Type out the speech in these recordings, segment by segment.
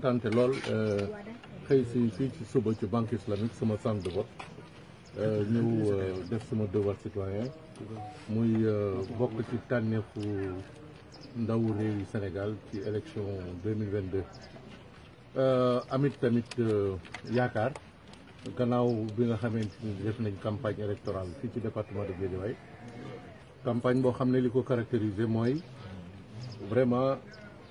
kontaante lool euh, xëy si fii ci suba ci banque islamique sama centre de vote euh, ñëw euh, def sama devoir citoyen muy bokk ci tànneefu ndawu réewi Sénégal ci élection 2022 amit tamit yaakaar gannaaw bi nga xamante ni def nañ campagne électorale fii ci département de Guédiawaye campagne boo xam ne li ko caractérisé mooy vraiment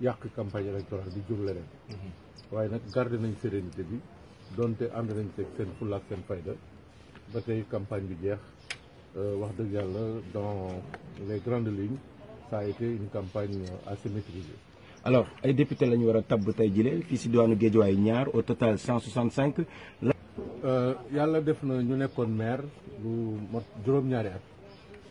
yàq campagne électorale bi jur leneen mm-hmm. waaye nag garder nañ sérénité bi donte ànd nañ teg seen fulla ak seen fayda ba tey campagne bi jeex euh, wax dëgg yàlla dans le grandes lignes saa a été une campagne assez maîtrisée alors ay député la ñu war a tabb tey jile fii si diwaanu Géejawaay ñaar au total 165. Euh, yàlla def na ñu nekkoon maire lu mot juróom-ñaari at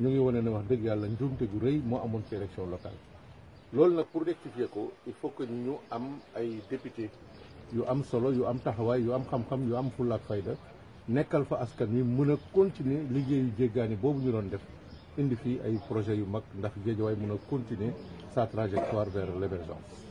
ñu ngi wane ne wax dëgg yàlla njuumte gu rëy moo amoon ci élection locale loolu nag pour rectifier ko il faut que ñu am ay député yu am solo yu am taxawaay yu am xam-xam yu am fulla ak fayda nekkal fa askan wi mën a continuer liggéeyu jéggaani boobu ñu doon def indi fi ay projet yu mag ndax Guédiawaye mën a continuer sa trajectoire vers l'émergence